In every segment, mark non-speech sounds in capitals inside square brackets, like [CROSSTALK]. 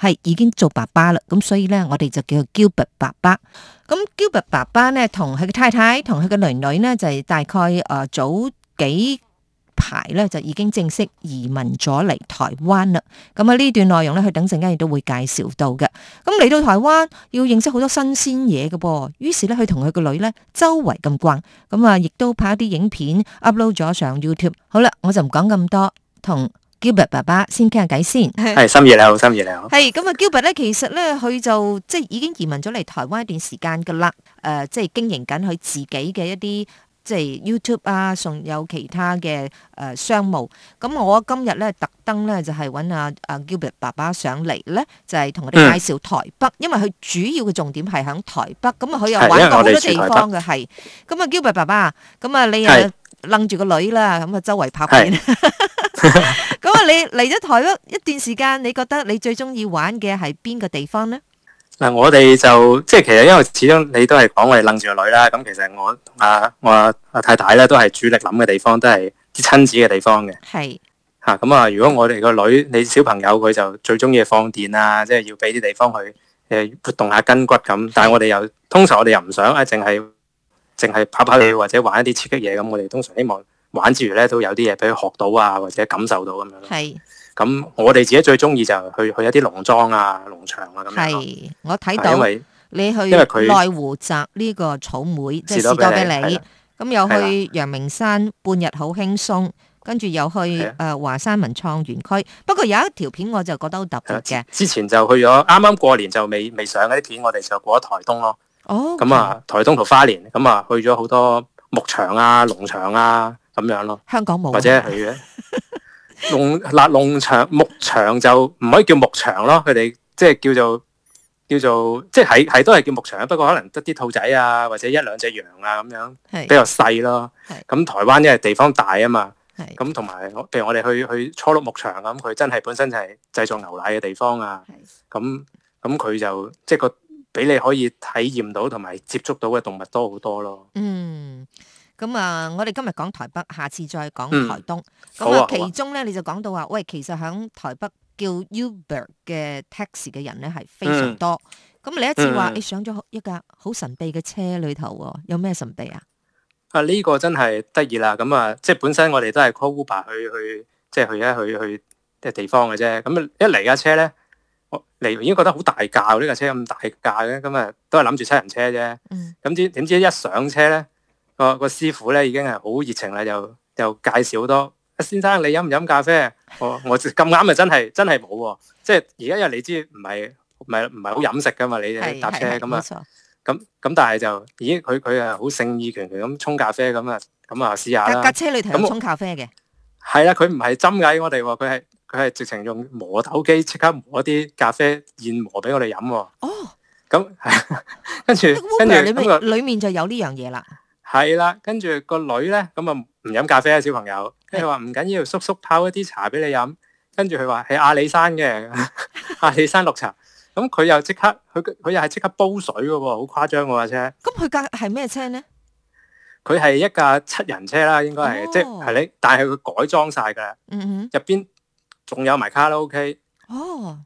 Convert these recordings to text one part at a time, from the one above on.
係已經做爸爸啦，咁所以呢，我哋就叫做 Gilbert 爸爸。咁、嗯、Gilbert 爸爸呢，同佢嘅太太，同佢嘅女女呢，就係大概誒、呃、早幾排呢，就已經正式移民咗嚟台灣啦。咁啊呢段內容呢，佢等陣間亦都會介紹到嘅。咁、嗯、嚟到台灣要認識好多新鮮嘢嘅噃，於是呢，佢同佢個女呢，周圍咁逛，咁、嗯、啊，亦都拍一啲影片 upload 咗上 YouTube。好啦，我就唔講咁多，同。Gilbert 爸爸先傾下偈先，係，深夜你好，深夜你好。係咁啊，Gilbert 咧，其實咧，佢就即係已經移民咗嚟台灣一段時間噶啦。誒，即係經營緊佢自己嘅一啲，即係 YouTube 啊，仲有其他嘅誒商務。咁我今日咧特登咧就係揾阿阿 Gilbert 爸爸上嚟咧，就係同佢哋介紹台北，因為佢主要嘅重點係響台北。咁啊，佢又玩過好多地方嘅係。咁啊，Gilbert 爸爸，咁啊，你啊楞住個女啦，咁啊周圍拍片。你嚟咗台灣一段時間，你覺得你最中意玩嘅係邊個地方呢？嗱，我哋就即係其實，因為始終你都係講我哋拎住個女啦。咁其實我啊，我啊太太咧，都係主力諗嘅地方，都係啲親子嘅地方嘅。係吓咁啊。如果我哋個女，你小朋友佢就最中意放電啊，即係要俾啲地方去誒活、呃、動下筋骨咁。但係我哋又通常我哋又唔想啊，淨係淨係跑跑你或者玩一啲刺激嘢咁。我哋通常希望。玩之餘咧，都有啲嘢俾佢學到啊，或者感受到咁樣咯。係。咁我哋自己最中意就去去一啲農莊啊、農場啊咁樣。係。我睇到你去內湖摘呢個草莓，即係士多啤梨。咁又去陽明山半日好輕鬆，跟住又去誒華山文創園區。不過有一條片我就覺得好特別嘅。之前就去咗，啱啱過年就未未上嗰啲片，我哋就過咗台東咯。哦。咁啊，台東同花蓮，咁啊去咗好多牧場啊、農場啊。咁樣咯，香港冇或者係嘅農嗱農場牧場就唔可以叫牧場咯，佢哋即係叫做叫做即係係都係叫牧場，不過可能得啲兔仔啊或者一兩隻羊啊咁樣，比較細咯。咁的台灣因為地方大啊嘛，咁同埋譬如我哋去去初鹿牧場咁，佢真係本身就係製作牛奶嘅地方啊。咁咁佢就即係個俾你可以體驗到同埋接觸到嘅動物多好多咯。嗯。咁、嗯、啊，我哋今日講台北，下次再講台東。咁啊，其中咧你就講到話，喂，其實喺台北叫 Uber 嘅 Taxi 嘅人咧係非常多。咁你、嗯嗯嗯、一次話你、欸、上咗一架好神秘嘅車裏頭喎，有咩神秘啊？啊，呢、這個真係得意啦！咁啊，即係本身我哋都係 call Uber 去去，即係去一去去嘅地方嘅啫。咁啊，一嚟架車咧，我嚟已經覺得好大架喎，呢、這、架、個、車咁大架嘅，咁啊都係諗住七人車啫。咁點點知一上車咧？個個師傅咧已經係好熱情啦，又又介紹好多。先生，你飲唔飲咖啡？我我咁啱啊，真係真係冇喎。即係而家又你知唔係唔係唔係好飲食噶嘛？你搭車咁啊，咁咁但係就咦，佢佢啊好盛意拳拳咁沖咖啡咁啊，咁啊試下架架車裏頭有沖咖啡嘅。係啦，佢唔係針計我哋，佢係佢係直情用磨豆機，即刻磨啲咖啡現磨俾我哋飲。哦，咁跟住跟住，裏面裏面就有呢樣嘢啦。係啦、啊，跟住個女咧，咁啊唔飲咖啡啊，小朋友。跟住話唔緊要，叔叔泡一啲茶俾你飲。跟住佢話係阿里山嘅 [LAUGHS] 阿里山綠茶。咁佢又即刻，佢佢又係即刻煲水嘅喎，好誇張喎車。咁佢架係咩車咧？佢係一架七人車啦，應該係即係你，但係佢改裝晒㗎。嗯哼，入邊仲有埋卡拉 OK。哦，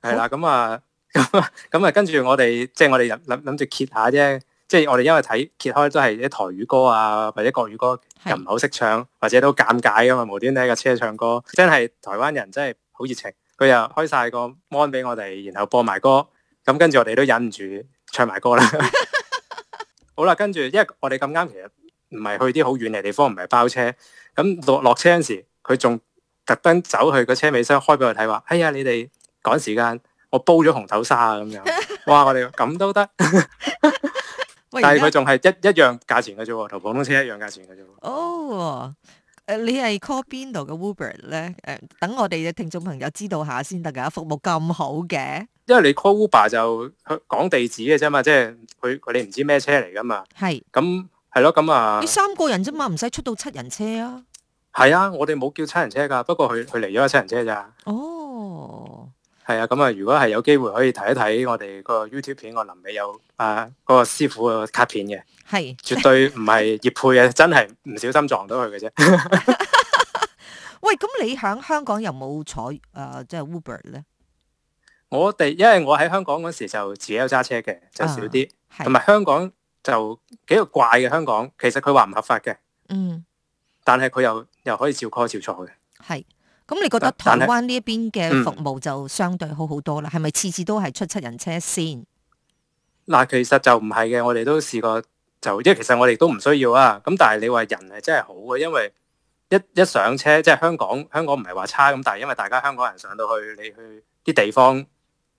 係啦，咁啊，咁啊，咁啊，跟住我哋即係我哋入諗諗住揭下啫。即係我哋因為睇揭開都係啲台語歌啊，或者國語歌，又唔好識唱，是或者都尷尬啊嘛。無端端喺架車唱歌，真係台灣人真係好熱情。佢又開晒個 mon 俾我哋，然後播埋歌，咁跟住我哋都忍唔住唱埋歌啦。 [LAUGHS] 好啦，跟住因為我哋咁啱，其實唔係去啲好遠嘅地方，唔係包車。咁落落車嗰時，佢仲特登走去個車尾箱開俾我哋睇，話：哎呀，你哋趕時間，我煲咗紅豆沙啊咁樣。 [LAUGHS] 哇，我哋咁都得。 [LAUGHS] 但係佢仲係一一樣價錢嘅啫喎，同普通車一樣價錢嘅啫喎。哦，誒，你係 call 邊度嘅 Uber 咧？誒、啊，等我哋嘅聽眾朋友知道下先得噶，服務咁好嘅。因為你 call Uber 就講地址嘅啫嘛，即係佢佢哋唔知咩車嚟噶嘛。係。咁係咯，咁啊。你三個人啫嘛，唔使出到七人車啊。係啊，我哋冇叫七人車噶，不過佢佢嚟咗七人車咋。哦。Oh. 係啊，咁啊，如果係有機會可以睇一睇我哋個 YouTube 片，我臨尾有啊嗰個師傅個卡片嘅，係絕對唔係葉配啊，真係唔小心撞到佢嘅啫。喂，咁你喺香港有冇坐，誒，即係 Uber 咧？我哋，因為我喺香港嗰時就自己有揸車嘅，就少啲，同埋香港就幾個怪嘅。香港其實佢話唔合法嘅，嗯，但係佢又又可以照 call 照坐去。係。咁你覺得台灣呢一邊嘅服務就相對好好多啦，係咪次次都係出七人車先？嗱，其實就唔係嘅，我哋都試過就，就即係其實我哋都唔需要啊。咁但係你話人係真係好嘅，因為一一上車，即係香港香港唔係話差咁，但係因為大家香港人上到去你去啲地方，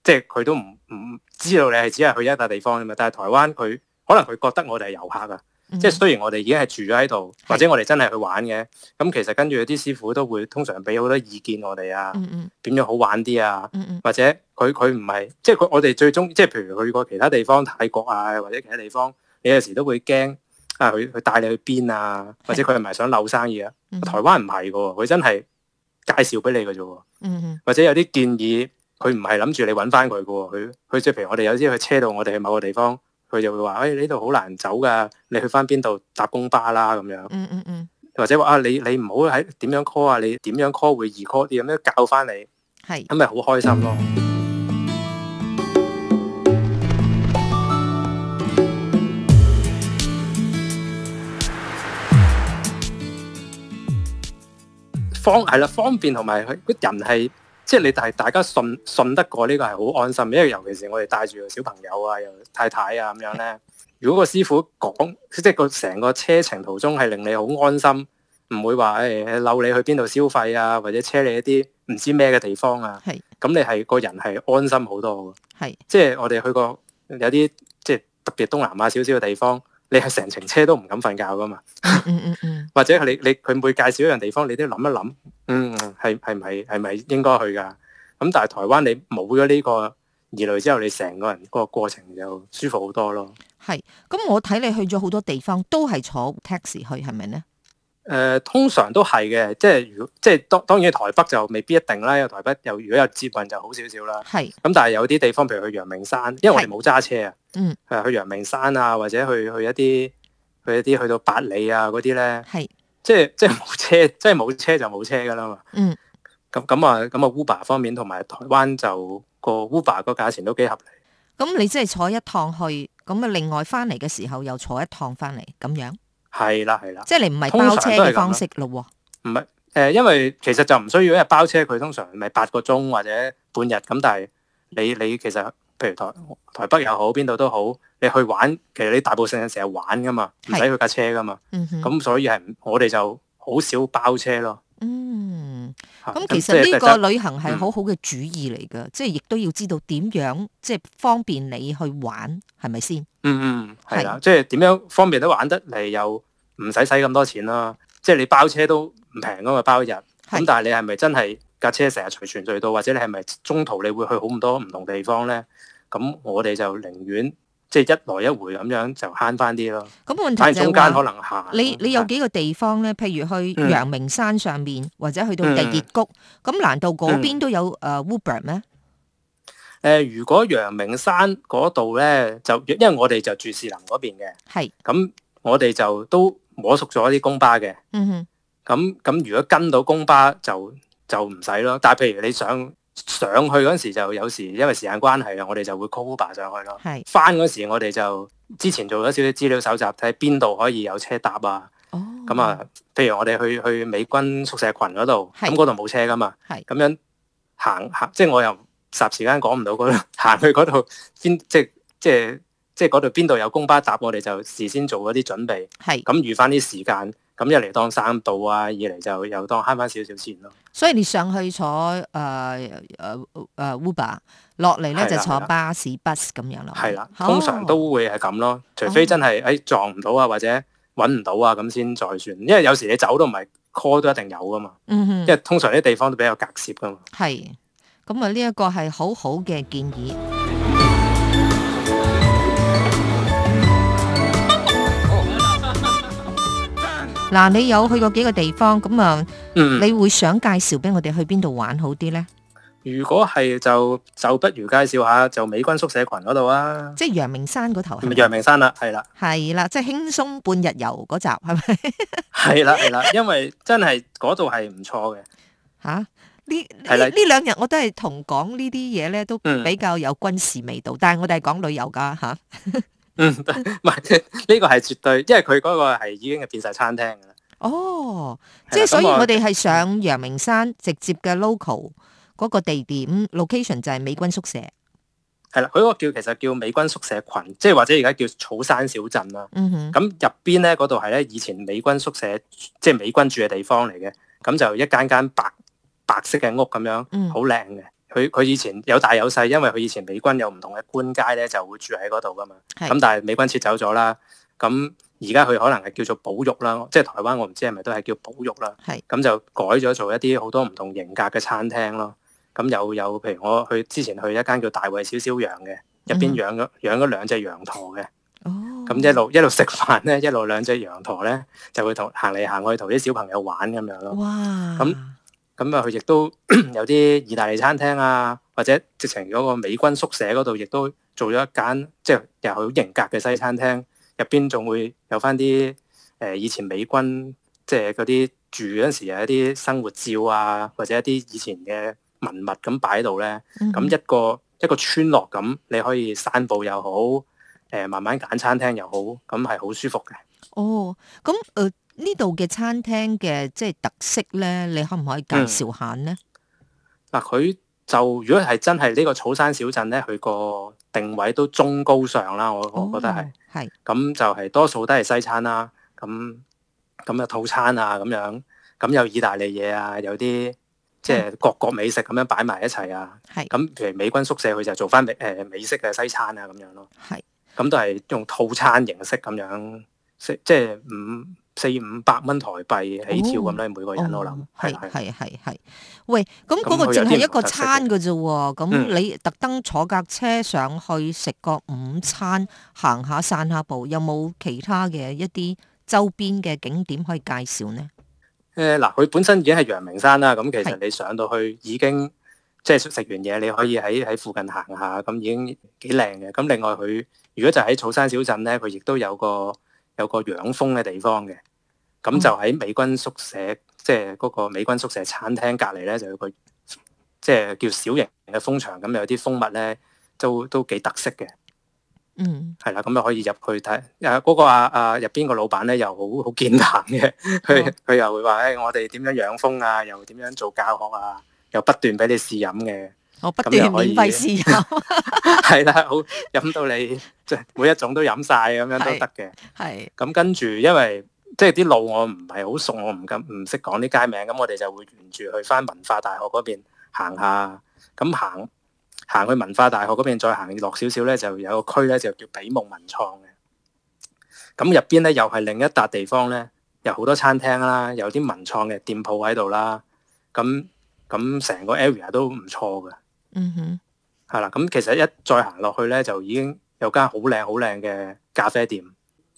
即係佢都唔唔知道你係只係去一笪地方啫嘛。但係台灣佢可能佢覺得我哋係遊客啊。即係雖然我哋已經係住咗喺度，或者我哋真係去玩嘅，咁其實跟住有啲師傅都會通常俾好多意見我哋啊，點樣好玩啲啊，或者佢佢唔係即係佢我哋最終即係譬如去過其他地方泰國啊，或者其他地方，你有時都會驚啊佢佢帶你去邊啊，或者佢係唔係想扭生意啊？台灣唔係嘅喎，佢真係介紹俾你嘅啫喎，或者有啲建議佢唔係諗住你揾翻佢嘅喎，佢佢即係譬如我哋有啲去車到我哋去某個地方。佢就會話，誒呢度好難走㗎，你去返邊度搭公巴啦咁樣。嗯嗯嗯。或者話啊，你你唔好喺點樣 call 啊，你點樣 call 會易 call 啲，咁樣教返你。係。咁咪好開心咯。方係啦，方便同埋佢人係。即係你大，大家信，信得過呢個係好安心。因為尤其是我哋帶住個小朋友啊、又太太啊咁樣咧。如果個師傅講，即係個成個車程途中係令你好安心，唔會話誒溜，你去邊度消費啊，或者車你一啲唔知咩嘅地方啊。係咁是你係個人係安心好多嘅。係是即係我哋去過有啲即係特別東南亞少少嘅地方。你係成程車都唔敢瞓覺噶嘛？嗯嗯嗯，或者係你你佢每介紹一樣地方，你都要諗一諗，嗯，係係唔係係唔係應該去噶？咁但係台灣你冇咗呢個疑慮之後，你成個人個過程就舒服好多咯。係，咁我睇你去咗好多地方，都係坐 taxi 去，係咪咧？誒、呃、通常都係嘅，即係如果即係當當然台北就未必一定啦。因為台北又如果有捷運就好少少啦。係咁是，但係有啲地方，譬如去陽明山，因為我哋冇揸車啊。嗯是、呃，去陽明山啊，或者去去一啲去一啲去到八里啊嗰啲咧。係是即係即係冇車，即係冇車就冇車㗎啦嘛。是嗯，咁咁啊咁啊 Uber 方面同埋台灣就個 Uber 個價錢都幾合理。咁你即係坐一趟去，咁啊另外翻嚟嘅時候又坐一趟翻嚟咁樣。係啦係啦，即係你唔係包車嘅方式咯喎。唔係，誒，因為其實就唔需要一日包車，佢通常係八個鐘或者半日咁，但係你你其實譬如台台北又好，邊度都好，你去玩，其實你大部分成日玩噶嘛，唔使去架車噶嘛。嗯哼。咁是所以係，我哋就好少包車咯。咁其實呢個旅行係好好嘅主意嚟嘅，嗯、即係亦都要知道點樣，即係方便你去玩，係咪先？嗯嗯，係啦，的即係點樣方便都玩得嚟，又唔使使咁多錢啦。即係你包車都唔平㗎嘛，包一日。咁是的 但係你係咪真係架車成日隨傳隨到，或者你係咪中途你會去好咁多唔同地方咧？咁我哋就寧願。即係一來一回咁樣就慳翻啲咯。咁問題就係、是，中間可能你你有幾個地方咧？是譬如去陽明山上面，嗯、或者去到地熱谷，咁、嗯、難道嗰邊都有誒 Uber 咩？誒、嗯呃，如果陽明山嗰度咧，就因為我哋就住士林嗰邊嘅，係咁是我哋就都摸熟咗啲公巴嘅。嗯哼，咁咁如果跟到公巴就就唔使咯。但係譬如你想，上去嗰時就有時，因為時間關係啊，我哋就會 cover 上去咯。係翻嗰時，我哋就之前做咗少少資料搜集，睇邊度可以有車搭啊。咁、哦、啊，譬如我哋去去美軍宿舍群嗰度，咁嗰度冇車噶嘛。係咁的樣行行、行，即係我又霎時間講唔到嗰度行去嗰度邊，即係即係即係嗰度邊度有公巴搭，我哋就事先做咗啲準備。係咁預翻啲時間。咁一嚟當生道啊，二嚟就又當慳翻少少錢咯。所以你上去坐誒誒誒 Uber，落嚟咧就坐巴士 bus 咁樣咯。係啦的，啊、通常都會係咁咯，除非真係誒撞唔到啊，或者搵唔到啊，咁先再算。因為有時你走都唔係 call 都一定有噶嘛。嗯哼。因為通常啲地方都比較隔涉噶嘛。係，咁啊呢一個係好好嘅建議。嗱，你有去過幾個地方咁啊？嗯，你會想介紹俾我哋去邊度玩好啲咧？如果係就就不如介紹下就美軍宿舍群嗰度啊！即係陽明山嗰頭係咪？陽明山啦，係啦，係啦，即係輕鬆半日遊嗰集係咪？係啦係啦，因為真係嗰度係唔錯嘅。吓，呢係啦，呢兩日我都係同講呢啲嘢咧，都比較有軍事味道，嗯、但係我哋係講旅遊噶吓。啊嗯，唔係呢個係絕對，因為佢嗰個係係已經變晒餐廳噶啦。哦，即係所以我哋係上陽明山直接嘅 local 嗰個地點 location 就係美軍宿舍。係啦，佢個叫其實叫美軍宿舍群，即係或者而家叫草山小鎮啦。嗯哼。咁入邊咧嗰度係咧以前美軍宿舍，即係美軍住嘅地方嚟嘅。咁就一間間白白色嘅屋咁樣，嗯，好靚嘅。佢佢以前有大有細，因為佢以前美軍有唔同嘅官階咧，就會住喺嗰度噶嘛。咁是但係美軍撤走咗啦，咁而家佢可能係叫做保育啦，即係台灣我唔知係咪都係叫保育啦。咁是就改咗做一啲好多唔同型格嘅餐廳咯。咁有有譬如我去之前去一間叫大衛小小羊嘅，入邊養咗、嗯、養咗兩隻羊駝嘅。哦，咁一路一路食飯咧，一路兩隻羊駝咧就會同行嚟行去同啲小朋友玩咁樣咯。哇，咁、嗯。咁啊，佢亦、嗯、都 [COUGHS] 有啲意大利餐廳啊，或者直情嗰個美軍宿舍嗰度，亦都做咗一間即係又好型格嘅西餐廳。入邊仲會有翻啲誒以前美軍即係嗰啲住嗰陣時，有一啲生活照啊，或者一啲以前嘅文物咁擺喺度咧。咁、嗯、一個一個村落咁，你可以散步又好，誒、呃、慢慢揀餐廳又好，咁係好舒服嘅。哦，咁誒。呃呢度嘅餐廳嘅即係特色咧，你可唔可以介紹下咧？嗱、嗯，佢就如果係真係呢個草山小鎮咧，佢個定位都中高尚啦。我我覺得係，係咁、oh, 是就係、是、多數都係西餐啦。咁咁嘅套餐啊，咁樣咁有意大利嘢啊，有啲即係各個美食咁樣擺埋一齊啊。係、嗯、咁，譬如美軍宿舍佢就做翻誒美、呃、美式嘅西餐啊，咁樣咯。係咁是都係用套餐形式咁樣，即即係唔。四五百蚊台幣起跳咁咧，每個人、哦、我諗係係係係。喂，咁嗰個淨係一個餐嘅啫喎。咁、嗯、你特登坐架車上去食個午餐，行下散下步，有冇其他嘅一啲周邊嘅景點可以介紹呢？誒嗱、呃，佢本身已經係陽明山啦。咁、嗯、其實你上到去已經即係食完嘢，你可以喺喺附近行下，咁、嗯、已經幾靚嘅。咁另外佢如果就喺草山小鎮咧，佢亦都有個。有個養蜂嘅地方嘅，咁就喺美軍宿舍，即係嗰個美軍宿舍餐廳隔籬咧就有個，即係叫小型嘅蜂場，咁有啲蜂蜜咧都都幾特色嘅。嗯，係啦，咁又可以入去睇，誒嗰個啊啊入邊個老闆咧又好好健談嘅，佢佢 [LAUGHS] 他 [LAUGHS] 又會話，誒我哋點樣養蜂啊，又點樣做教學啊，又不斷俾你試飲嘅。我不斷免費試飲，係啦，好飲到你即係每一種都飲晒，咁樣都得嘅。係咁 [LAUGHS] 的、嗯、跟住，因為即係啲路我唔係好熟，我唔咁唔識講啲街名，咁、嗯、我哋就會沿住去翻文化大學嗰邊行下，咁、嗯、行行去文化大學嗰邊再行落少少咧，就有個區咧就叫比目文創嘅。咁、嗯、入邊咧又係另一笪地方咧，有好多餐廳啦，有啲文創嘅店鋪喺度啦。咁咁成個 area 都唔錯嘅。Mm hmm. 嗯哼，係啦，咁其實一再行落去咧，就已經有間好靚好靚嘅咖啡店，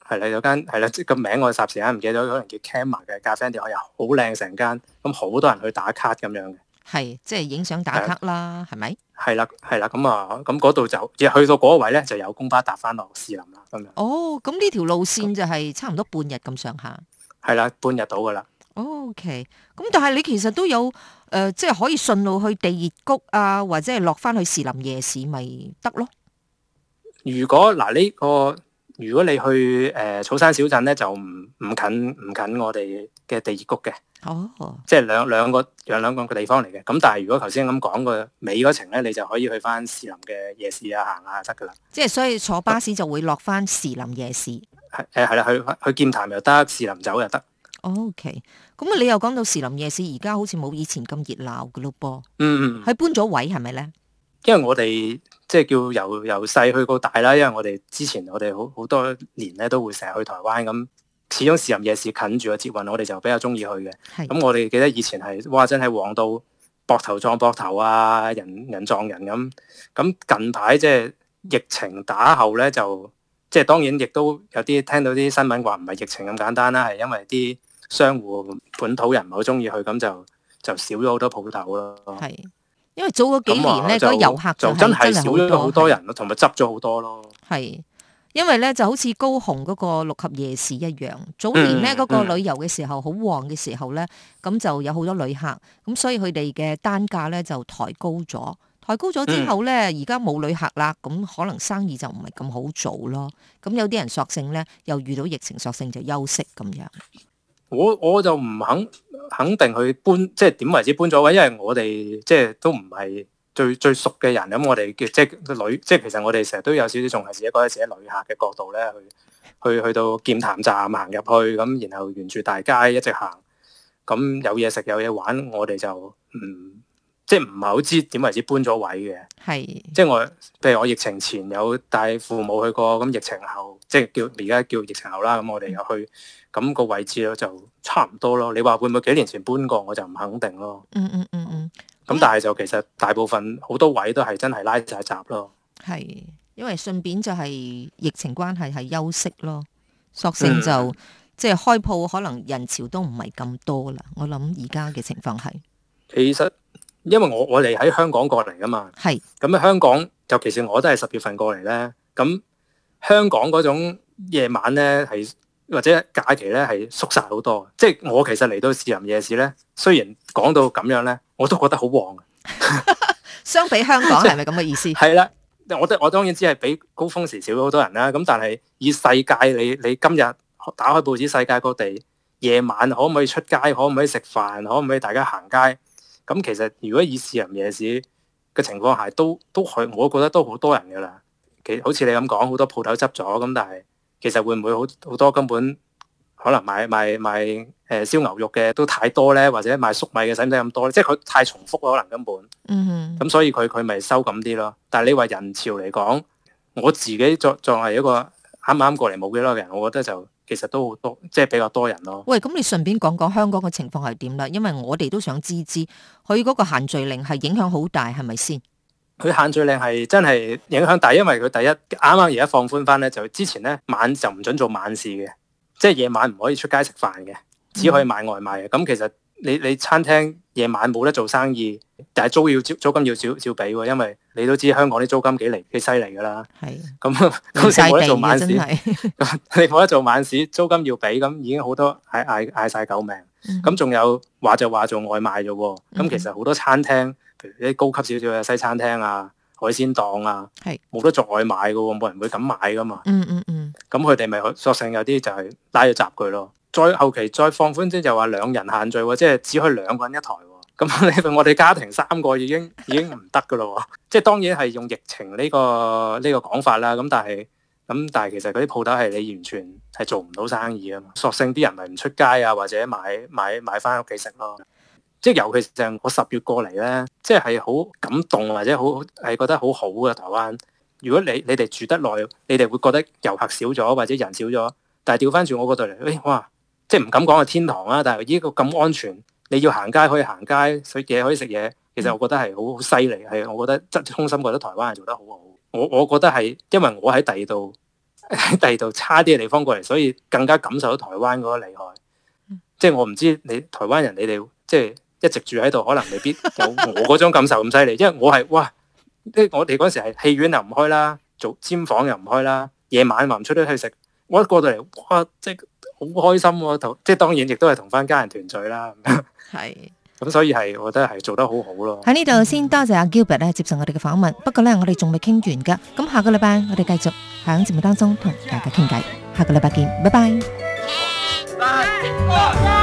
係啦，有間係啦，個名我霎時間唔記得咗，可能叫 Cammy 嘅咖啡店，又好靚成間，咁、嗯、好多人去打卡咁樣嘅，係即係影相打卡啦的，係咪？係啦係啦，咁啊，咁嗰度就，即係去到嗰位咧，就有公巴搭翻落士林啦，咁樣。哦，咁呢條路線就係差唔多半日咁上下。係啦，半日到㗎啦。OK，咁但係你其實都有。誒、呃、即係可以順路去地熱谷啊，或者係落翻去士林夜市咪得咯？如果嗱呢、呃呢個，如果你去誒、呃、草山小鎮咧，就唔唔近唔近我哋嘅地熱谷嘅。哦，即係兩兩個，兩兩個地方嚟嘅。咁但係如果頭先咁講個尾嗰程咧，你就可以去翻士林嘅夜市啊，行下得噶啦。即係所以坐巴士就會落翻士林夜市。係誒係啦，去去，去劍潭又得，士林走又得。O.K. 咁啊，你又講到士林夜市，而家好似冇以前咁熱鬧噶咯噃。嗯，嗯，係搬咗位係咪咧？是是呢因為我哋即係叫由由細去到大啦。因為我哋之前我哋好好多年咧，都會成日去台灣咁。始終士林夜市近住個捷運，我哋就比較中意去嘅。咁的、嗯、我哋記得以前係哇，真係旺到膊頭撞膊頭啊，人人撞人咁。咁近排即係疫情打後咧，就即係當然亦都有啲聽到啲新聞話唔係疫情咁簡單啦，係因為啲。.商戶本土人唔好中意去，咁就就少咗好多鋪頭咯。係，因為早嗰幾年呢，嗰就個遊客就，就真係少咗好多人同埋執咗好多咯。係，因為咧就好似高雄嗰個六合夜市一樣，早年呢嗰個旅遊嘅時候好、嗯嗯、旺嘅時候咧，咁就有好多旅客，咁所以佢哋嘅單價咧就抬高咗。抬高咗之後咧，而家冇旅客啦，咁可能生意就唔係咁好做咯。咁有啲人索性咧，又遇到疫情，索性就休息咁樣。我我就唔肯肯定佢搬，即係點為止搬咗位，因為我哋即係都唔係最最熟嘅人，咁我哋嘅即係旅，即係其實我哋成日都有少少從係自己嗰陣時喺旅客嘅角度咧，去去去到劍潭站行入去，咁然後沿住大街一直行，咁有嘢食有嘢玩，我哋就唔、嗯、即係唔係好知點為止搬咗位嘅，係是即係我譬如我疫情前有帶父母去過，咁疫情後。即係叫而家叫疫情後啦，咁我哋又去，咁個位置咯就差唔多咯。你話會唔會幾年前搬過，我就唔肯定咯、嗯。嗯嗯嗯嗯。咁但係就其實大部分好多位都係真係拉晒閘咯。係，因為順便就係疫情關係係休息咯，索性就、嗯、即係開鋪可能人潮都唔係咁多啦。我諗而家嘅情況係是、嗯嗯，其實因為我我哋喺香港過嚟噶嘛。係。咁喺香港就其實我都係十月份過嚟咧，咁。嗯嗯香港嗰種夜晚咧，係或者假期咧，係縮晒好多。即係我其實嚟到士林夜市咧，雖然講到咁樣咧，我都覺得好旺。 [LAUGHS] [LAUGHS] 相比香港係咪咁嘅意思？係啦， [LAUGHS] 我我當然知係比高峰時少咗好多人啦。咁但係以世界，你你今日打開報紙，世界各地夜晚可唔可以出街，可唔可以食飯，可唔可以大家行街？咁其實如果以士林夜市嘅情況下，都都可，我都覺得都好多人噶啦。其好似你咁講，好多鋪頭執咗咁，但係其實會唔會好好多根本可能賣賣賣誒燒牛肉嘅都太多咧，或者賣粟米嘅使唔使咁多咧？即係佢太重複可能根本。Mm hmm. 嗯。咁所以佢佢咪收咁啲咯？但係你話人潮嚟講，我自己作作為一個啱唔啱過嚟冇幾耐嘅人，我覺得就其實都好多，即係比較多人咯。喂，咁你順便講講香港嘅情況係點啦？因為我哋都想知知，佢嗰個限聚令係影響好大，係咪先？佢限聚令係真係影響大，因為佢第一啱啱而家放寬翻咧，就之前咧晚就唔准做晚市嘅，即係夜晚唔可以出街食飯嘅，只可以買外賣嘅。咁、嗯、其實你你餐廳夜晚冇得做生意，但係租要租金要少少俾，因為你都知香港啲租金幾嚟幾犀利噶啦。係咁，冇得做晚市，你冇得做晚市租金要俾，咁已經好多嗌嗌嗌晒狗命。咁仲、嗯、有話就話做外賣啫，咁、嗯、其實好多餐廳。啲高級少少嘅西餐廳啊、海鮮檔啊，係冇得再買喎，冇人會咁買嘅嘛。嗯嗯嗯，咁佢哋咪索性有啲就係拉咗閘佢咯。再後期再放寬啲，就話兩人限聚喎，即係只可以兩個人一台喎。咁 [LAUGHS] 你我哋家庭三個已經已經唔得嘅咯。 [LAUGHS] 即係當然係用疫情呢、呢個呢、呢個講法啦。咁但係咁但係其實嗰啲鋪頭係你完全係做唔到生意啊嘛。索性啲人咪唔出街啊，或者買買買翻屋企食咯。即係尤其是我十月過嚟咧，即係好感動或者好係覺得好好嘅台灣。如果你你哋住得耐，你哋會覺得遊客少咗或者人少咗。但係調翻轉我嗰度嚟，誒、哎、哇！即係唔敢講係天堂啦，但係依個咁安全，你要行街可以行街，食嘢可以食嘢。其實我覺得係好好犀利，係我覺得真衷心覺得台灣係做得好好。我我覺得係，因為我喺第二度喺第二度差啲嘅地方過嚟，所以更加感受到台灣嗰個厲害。嗯、即係我唔知你台灣人，你哋即係。一直住喺度，可能未必有我嗰種感受咁犀利，因為我係哇，即係我哋嗰時係戲院又唔開啦，做尖房又唔開啦，夜晚又唔出得去食，我一過到嚟哇，即係好開心喎，同即係當然亦都係同翻家人團聚啦。係，咁所以係，我覺得係做得好好咯。喺呢度先多謝阿 Gilbert 咧接受我哋嘅訪問，不過咧我哋仲未傾完噶，咁下個禮拜我哋繼續喺節目當中同大家傾偈。下個禮拜見，拜拜。